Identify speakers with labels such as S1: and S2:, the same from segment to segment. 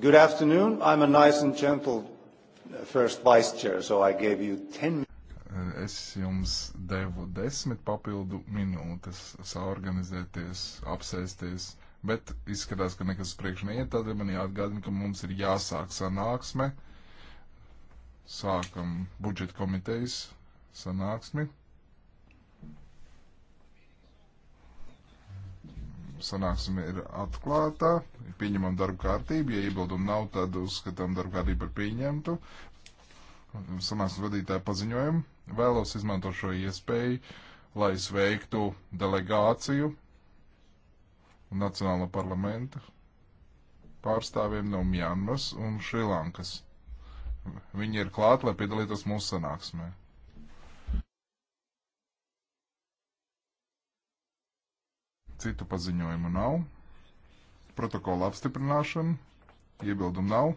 S1: Good afternoon. I'm a nice and gentle uh, first vice chair, so I gave you 10. Uh, es jums devu desmit papildu minūtes saorganizēties, apsēsties, bet izskatās, ka nekas priekš neiet, tādēļ man jāatgādina, ka mums ir jāsāk sanāksme. Sākam budžeta komitejas sanāksmi. sanāksme ir atklāta, pieņemam darba kārtību, ja iebildumu nav, tad uzskatām darba kārtību par pieņemtu. Sanāksmes vadītāja paziņojumu. Vēlos izmantot šo iespēju, lai sveiktu delegāciju Nacionālo parlamentu pārstāvjiem no Mjanmas un Šrilankas. Viņi ir klāt, lai piedalītos mūsu sanāksmē. Citu paziņojumu nav. Protokola apstiprināšana. Iebildumu nav.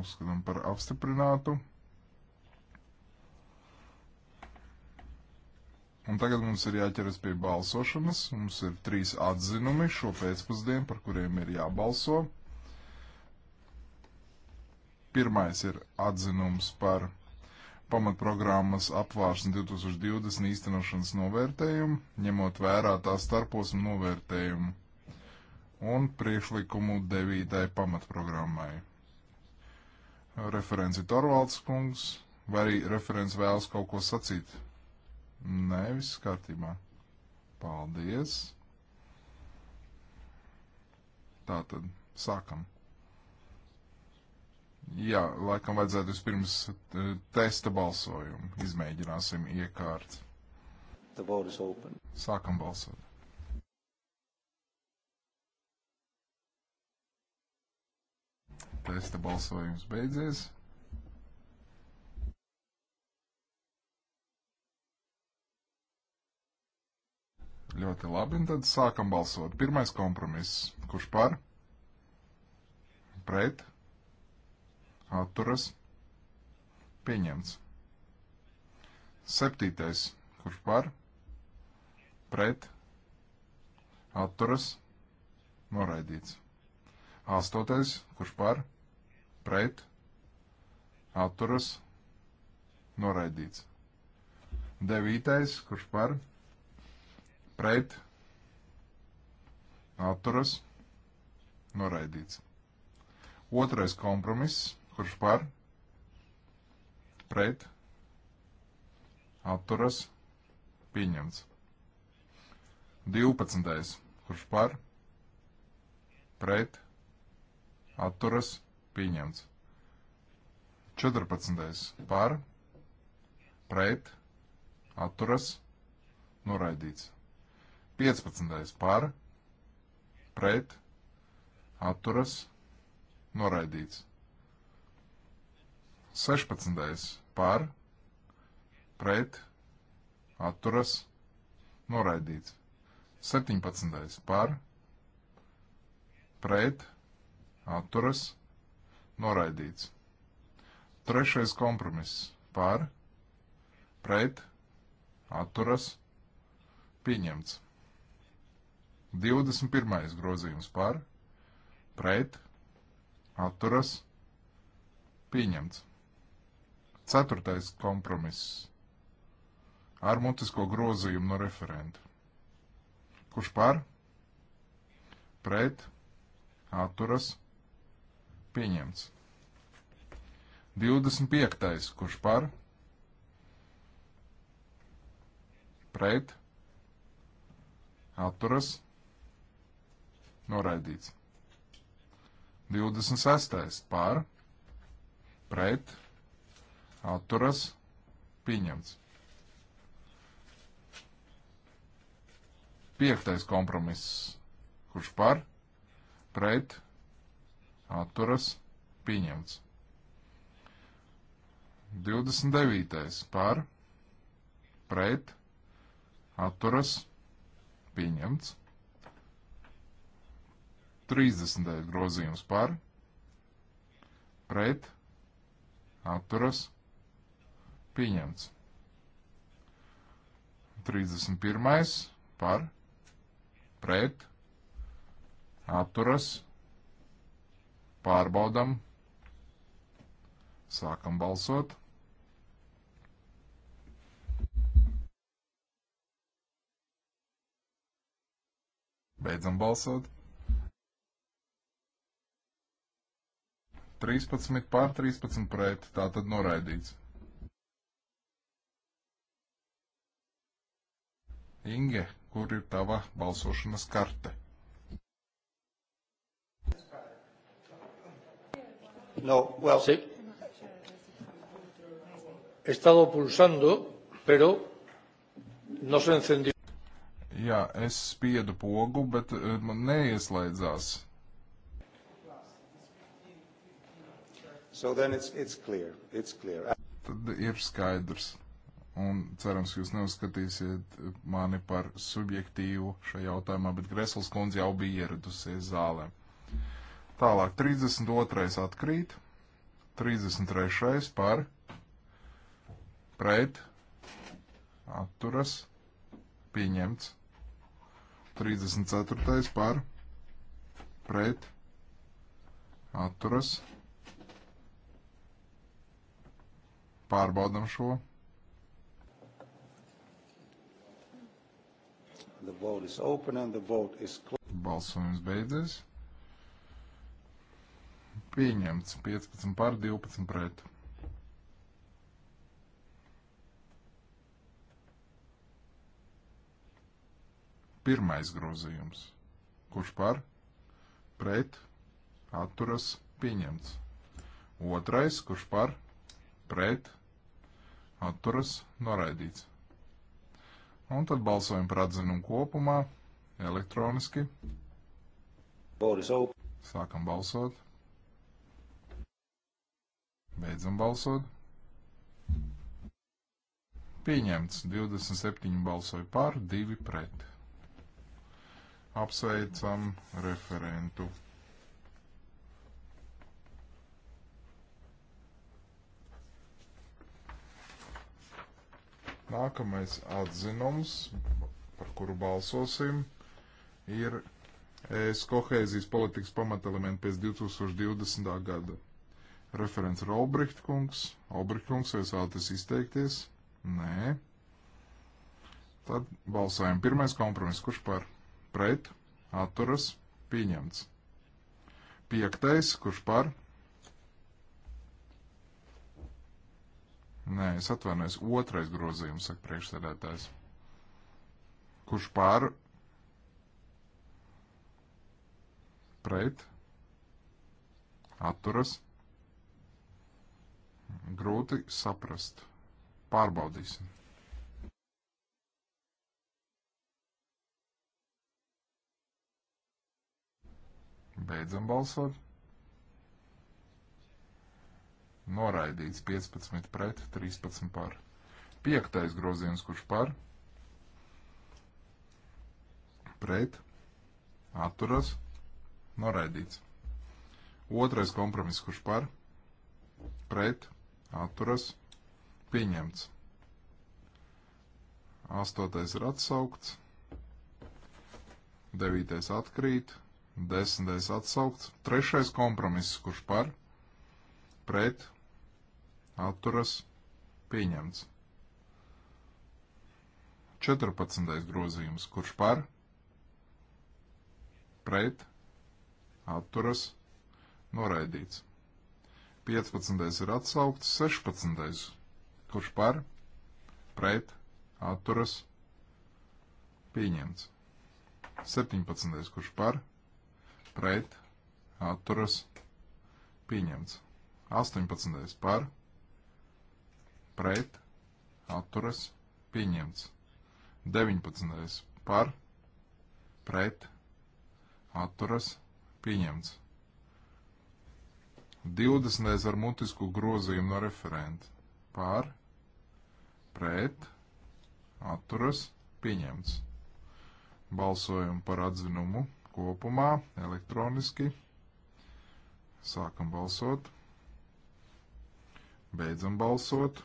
S1: Uzskatām par apstiprinātu. Un tagad mums ir jāķeras pie balsošanas. Mums ir trīs atzinumi šo pēcpusdienu, par kuriem ir jābalso. Pirmais ir atzinums par pamatprogrammas apvārsni 2020 īstenošanas novērtējumu, ņemot vērā tā starposmu novērtējumu un priekšlikumu devītai pamatprogrammai. Referenci Torvalds kungs, vai arī referents vēlas kaut ko sacīt? Nē, viss kārtībā. Paldies! Tātad, sākam! Jā, laikam vajadzētu vispirms eh, testa balsojumu. Izmēģināsim iekārt. Sākam balsot. Testa balsojums beidzies. Ļoti labi, un tad sākam balsot. Pirmais kompromiss. Kurš par? Pret? atturas, pieņemts. Septītais, kurš par, pret, atturas, noraidīts. Astotais, kurš par, pret, atturas, noraidīts. Devītais, kurš par, pret, atturas, noraidīts. Otrais kompromiss Kurš par? Pret. Atturas. Pieņemts. 12. Kurš par? Pret. Atturas. Pieņemts. 14. Par. Pret. Atturas. Noraidīts. 15. Par. Pret. Atturas. Noraidīts. 16. par, pret, atturas, noraidīts. 17. par, pret, atturas, noraidīts. 3. kompromiss par, pret, atturas, pieņemts. 21. grozījums par, pret, atturas, pieņemts. Ceturtais kompromiss ar mutisko grozījumu no referenta. Kurš par? Pret? Atturas? Pieņemts. 25. Kurš par? Pret? Atturas? Noraidīts. 26. Par? Pret? atturas pieņemts. Piektais kompromiss, kurš par, pret, atturas pieņemts. 29. par, pret, atturas pieņemts. 30. grozījums par, pret, atturas pieņemts Pieņemts. 31. par, pret, atturas, pārbaudam, sākam balsot. Beidzam balsot. 13 pār 13 pret, tā tad noraidīts. Inge, kur ir tava balsošanas karte? No, well, sí. He estado pulsando, pero no se encendió. Jā, es spiedu pogu, bet eh, man neieslēdzās. So then it's, it's clear. It's clear. Tad ir skaidrs un cerams, jūs neuzskatīsiet mani par subjektīvu šajā jautājumā, bet Gresls kundze jau bija ieradusies zālē. Tālāk, 32. atkrīt, 33. par, pret, atturas, pieņemts, 34. par, pret, atturas, pārbaudam šo. The vote is open and the vote is closed. Balsojums beidzies. Pieņemts 15 par 12 pret. Pirmais grozījums. Kurš par? Pret. Atturas. Pieņemts. Otrais. Kurš par? Pret. Atturas. Noraidīts. Un tad balsojam par atzinumu kopumā, elektroniski. Sākam balsot. Beidzam balsot. Pieņemts 27 balsoja par, 2 pret. Apsveicam referentu. Nākamais atzinums, par kuru balsosim, ir ES kohēzijas politikas pamatelementi pēc 2020. gada. Referents ir Olbricht kungs. Olbricht kungs, vai jūs vēlaties izteikties? Nē. Tad balsājam. Pirmais kompromiss, kurš par pret, atturas, pieņemts. Piektais, kurš par Nē, es atvainojos, otrais grozījums, saka priekšsēdētājs. Kurš pār? Pret? Atturas? Grūti saprast. Pārbaudīsim. Beidzam balsot noraidīts 15 pret 13 par. Piektais grozījums, kurš par, pret, atturas, noraidīts. Otrais kompromiss, kurš par, pret, atturas, pieņemts. Astotais ir atsaukts, devītais atkrīt, desmitais atsaukts, trešais kompromiss, kurš par, pret, atturas, atturas pieņemts. 14. grozījums, kurš par, pret, atturas, noraidīts. 15. ir atsaukts, 16. kurš par, pret, atturas, pieņemts. 17. kurš par, pret, atturas, pieņemts. 18. par, pret, pret, atturas, pieņemts. 19. par, pret, atturas, pieņemts. 20. ar mutisku grozījumu no referenta par, pret, atturas, pieņemts. Balsojam par atzinumu kopumā elektroniski. Sākam balsot. Beidzam balsot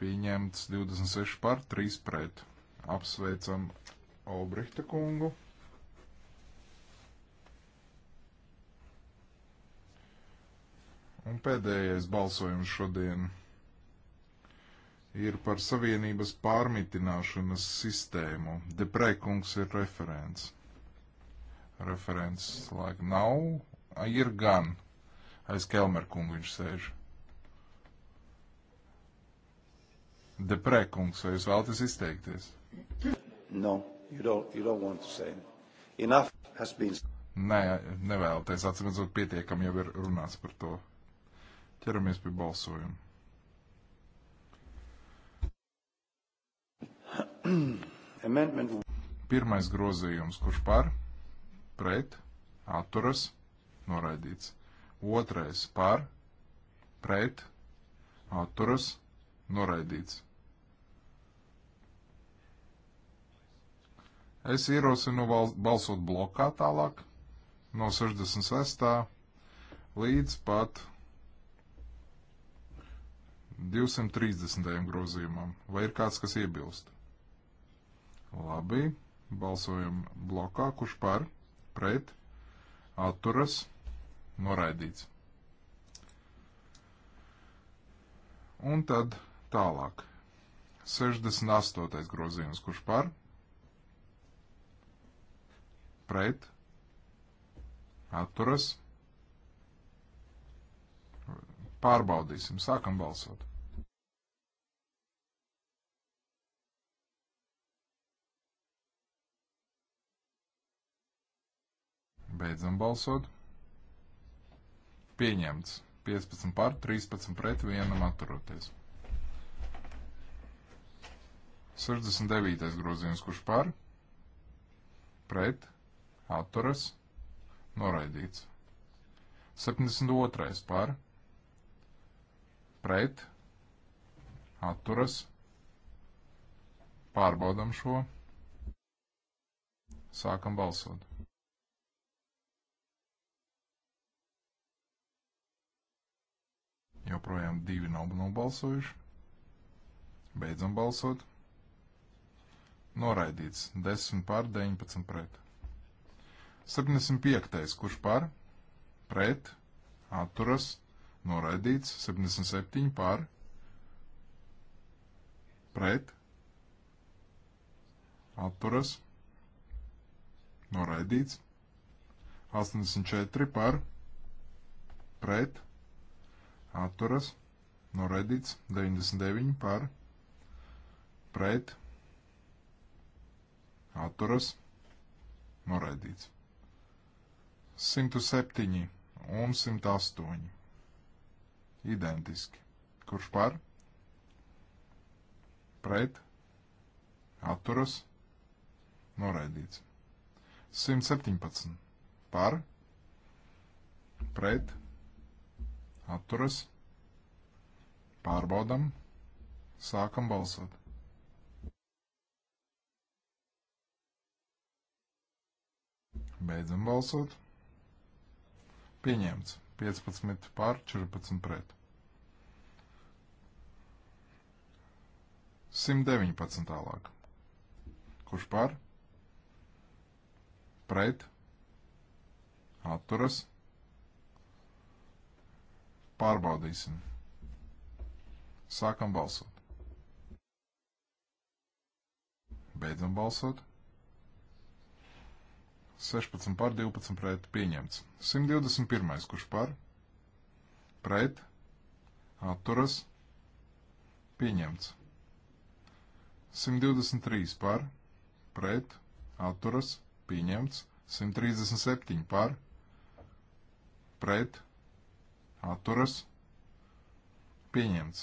S1: pieņemts 26 par 3 pret. Apsveicam Obrihta kungu. Un pēdējais balsojums šodien ir par savienības pārmitināšanas sistēmu. Deprēkungs ir referents. Referents laikam nav, ir gan. Aiz Kelmerkungu viņš sēž. Deprē kungs, vai jūs vēlaties izteikties? No, you don't, you don't want to say. Enough has been. Nē, nevēlaties. Atcīmredzot, pietiekami jau ir runāts par to. Ķeramies pie balsojuma. Amendment. Pirmais grozījums, kurš par, pret, atturas, noraidīts. Otrais par, pret, atturas, noraidīts. Es ierosinu balsot blokā tālāk no 66. līdz pat 230. grozījumam. Vai ir kāds, kas iebilst? Labi, balsojam blokā, kurš par, pret, atturas, noraidīts. Un tad tālāk. 68. grozījums, kurš par, pret, atturas. Pārbaudīsim, sākam balsot. Beidzam balsot. Pieņemts. 15 par, 13 pret, vienam atturoties. 69. grozījums, kurš par, pret, atturas, noraidīts. 72. par, pret, atturas, pārbaudam šo, sākam balsot. Joprojām divi nav nobalsojuši. Beidzam balsot. Noraidīts 10 pār 19 pret. 75. kurš par, pret, atturas, noraidīts. 77 par, pret, atturas, noraidīts. 84 par, pret, atturas, noraidīts. 99 par, pret, atturas, noraidīts. 107 un 108. Identiski. Kurš par? Pret? Atturas? Noraidīts. 117. Par? Pret? Atturas? Pārbaudam. Sākam balsot. Beidzam balsot. Pieņemts. 15 pār 14 pret. 119 tālāk. Kurš par? Pret. Atturas. Pārbaudīsim. Sākam balsot. Beidzam balsot. 16 pār 12 pret pieņemts. 121. kurš par? Pret. Atturas. Pieņemts. 123 par. Pret. Atturas. Pieņemts. 137 par. Pret. Atturas. Pieņemts.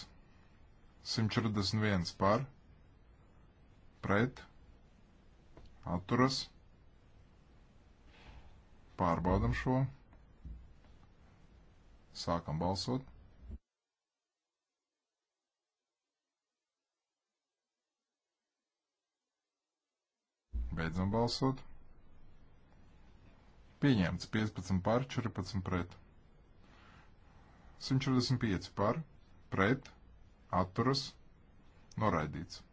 S1: 141 par. Pret. Atturas. Pieņemts Pārbaudam šo. Sākam balsot. Beidzam balsot. Pieņemts 15 par, 14 pret. 145 par, pret, atturas, noraidīts.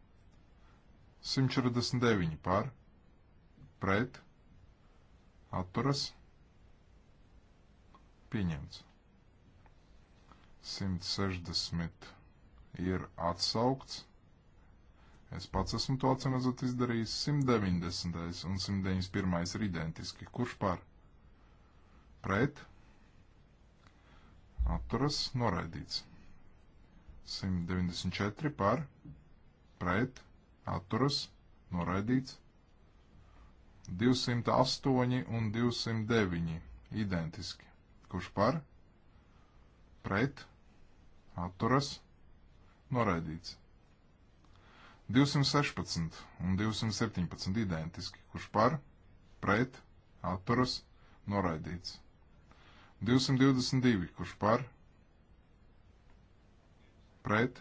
S1: 149 par, pret, atturas atturas pieņemts. 160 ir atsaukts. Es pats esmu to atsimazot izdarījis. 190 un 191 ir identiski. Kurš par? Pret? Atturas noraidīts. 194 par? Pret? Atturas noraidīts. 208 un 209 identiski. Kurš par? Pret? Atturas? Noraidīts. 216 un 217 identiski. Kurš par? Pret? Atturas? Noraidīts. 222. Kurš par? Pret?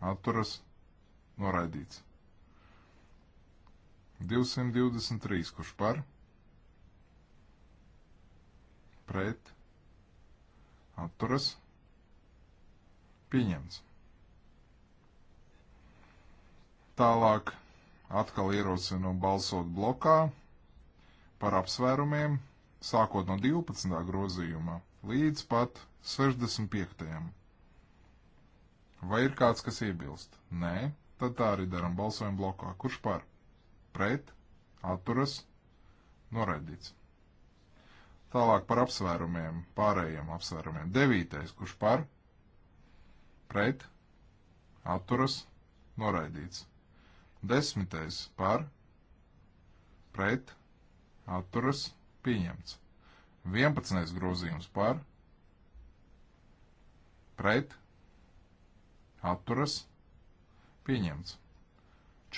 S1: Atturas? Noraidīts. 223, kurš par, pret, atturas, pieņemts. Tālāk atkal ierosinu balsot blokā par apsvērumiem, sākot no 12. grozījuma līdz pat 65. Vai ir kāds, kas iebilst? Nē, tad tā arī daram balsojumu blokā. Kurš par? pret, atturas, noraidīts. Tālāk par apsvērumiem, pārējiem apsvērumiem. Devītais, kurš par, pret, atturas, noraidīts. Desmitais par, pret, atturas, pieņemts. Vienpadsmitais grozījums par, pret, atturas, pieņemts.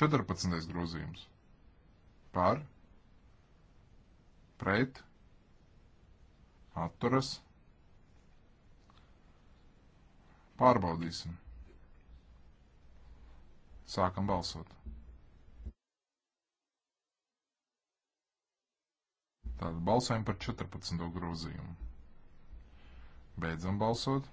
S1: Četrpadsmitais grozījums par, pret, atturas. Pārbaudīsim. Sākam balsot. Tātad balsojam par 14. grozījumu. Beidzam balsot.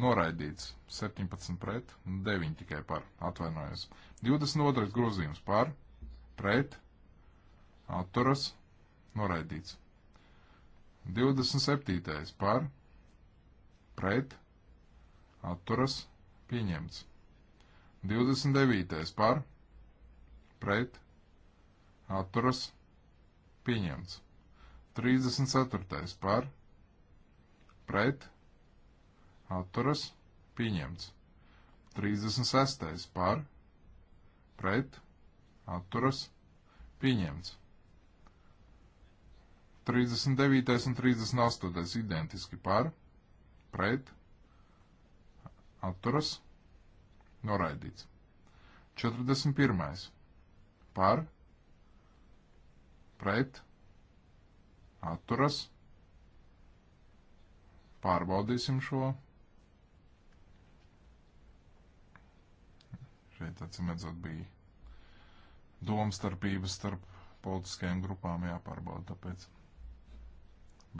S1: Noraidīts 17 pret, 9 tikai par, atvainojos. 22. grozījums par, pret, atturas, noraidīts. 27. par, pret, atturas, pieņemts. 29. par, pret, atturas, pieņemts. 34. par, pret, atturas, pieņemts. 36. par, pret, atturas, pieņemts. 39. un 38. identiski par, pret, atturas, noraidīts. 41. par, pret, atturas, pārbaudīsim šo. šeit atsimedzot bija domstarpības starp politiskajām grupām jāpārbauda, tāpēc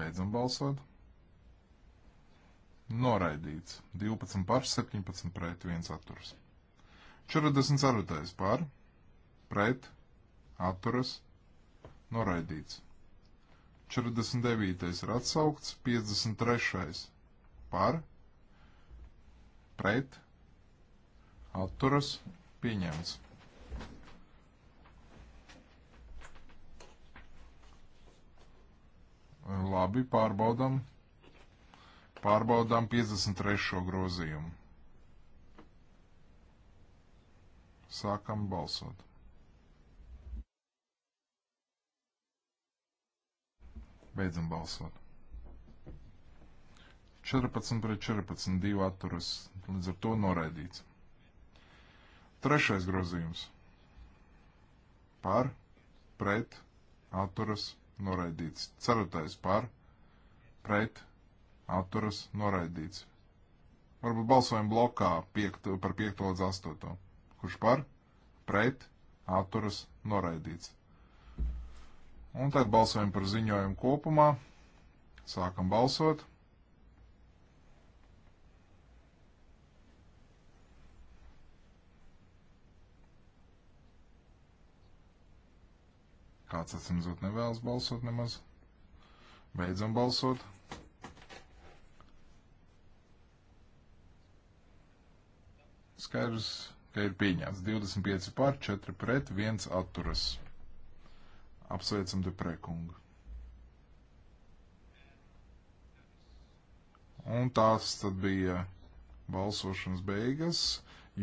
S1: beidzam balsot. Noraidīts. 12 par, 17 pret, 1 atturas. 44 par, pret, atturas, noraidīts. 49. ir atsaukts, 53. par, pret, atturas pieņemts. Labi, pārbaudam. Pārbaudām 53. grozījumu. Sākam balsot. Beidzam balsot. 14 pret 14, 2 atturas, līdz ar to noraidīts. Trešais grozījums par, pret, atturas, noraidīts. Ceturtais par, pret, atturas, noraidīts. Varbūt balsojam blokā piekt, par 5 līdz 8. Kurš par, pret, atturas, noraidīts. Un tagad balsojam par ziņojumu kopumā. Sākam balsot. Kāds atsimzot nevēlas balsot nemaz. Beidzam balsot. Skaidrs, ka ir pieņēmts 25 pār 4 pret 1 atturas. Apsveicam te prekungu. Un tās tad bija balsošanas beigas,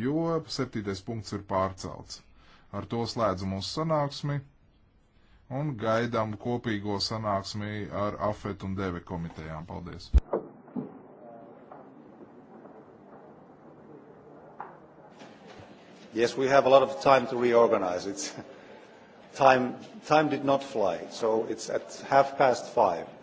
S1: jo septītais punkts ir pārcelts. Ar to slēdzu mūsu sanāksmi un gaidām kopīgo sanāksmi ar AFET un DEVE komitejām. Paldies! Yes, we have a lot of time to reorganize. It's time, time did not fly, so it's at half past five.